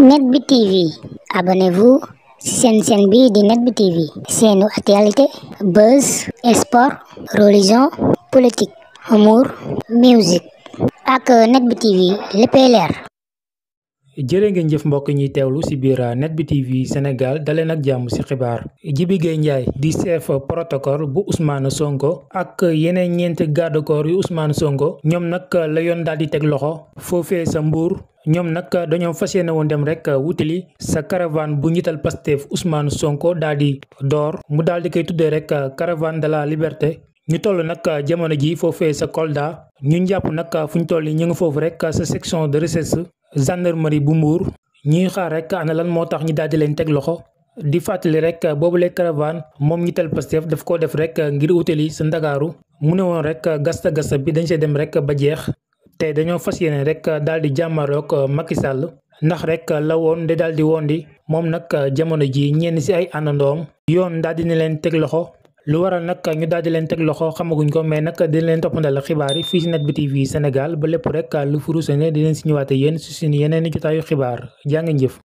Net Bi TV abonnez-vous seen chaîne bi di Net Bi TV seenu actualité buzz sport religion politique humour musique ak Net Bi TV léppay leer jërë ngeen jëf mbokk ñuy teewlu ci biir euh, net bi TV Sénégal daleen ak jàmm ci xibaar ji Gueye Ndiaye di chef protocole bu Ousmane Sonko ak yeneen ñeenti garde yu usmaan Sonko ñoom nag la yoon daal di teg loxo foofee sa Mbour ñoom nag dañoo fas yéene woon dem rek wutali sa caravane bu njiital Pastef Ousmane Sonko daal di door mu daal di koy tuddee rek euh, caravane de la liberté. ñu toll nag jamono ji foofee sa Kolda ñu jàpp nag fu ñu toll ñu ngi foofu rek sa section de recherche gendarmerie bu mbuur ñuy xaar rek ana lan moo tax ñi daal di leen teg loxo di fàttali rek boobule caravane moom ñi tal Pastef daf koo def rek ngir utali sa Ndakaaru mu ne woon rek gasta gasta bi dañ see dem rek ba jeex tey dañoo fas yéene rek daal di jàmmaroog Macky Sall ndax rek la woon de daal di woon di moom nag jamono ji ñenn si ay àndandoom yoon daal di ne leen teg loxo. lu waral nag ñu daal di leen teg loxo xamaguñ ko mais nag dina leen toppandal xibaar yi fii si nag Bi TV Sénégal ba lépp rek lu furu sene di leen si ñëwaate yéen su suñu yeneen i jotaayu xibaar jaa ngeen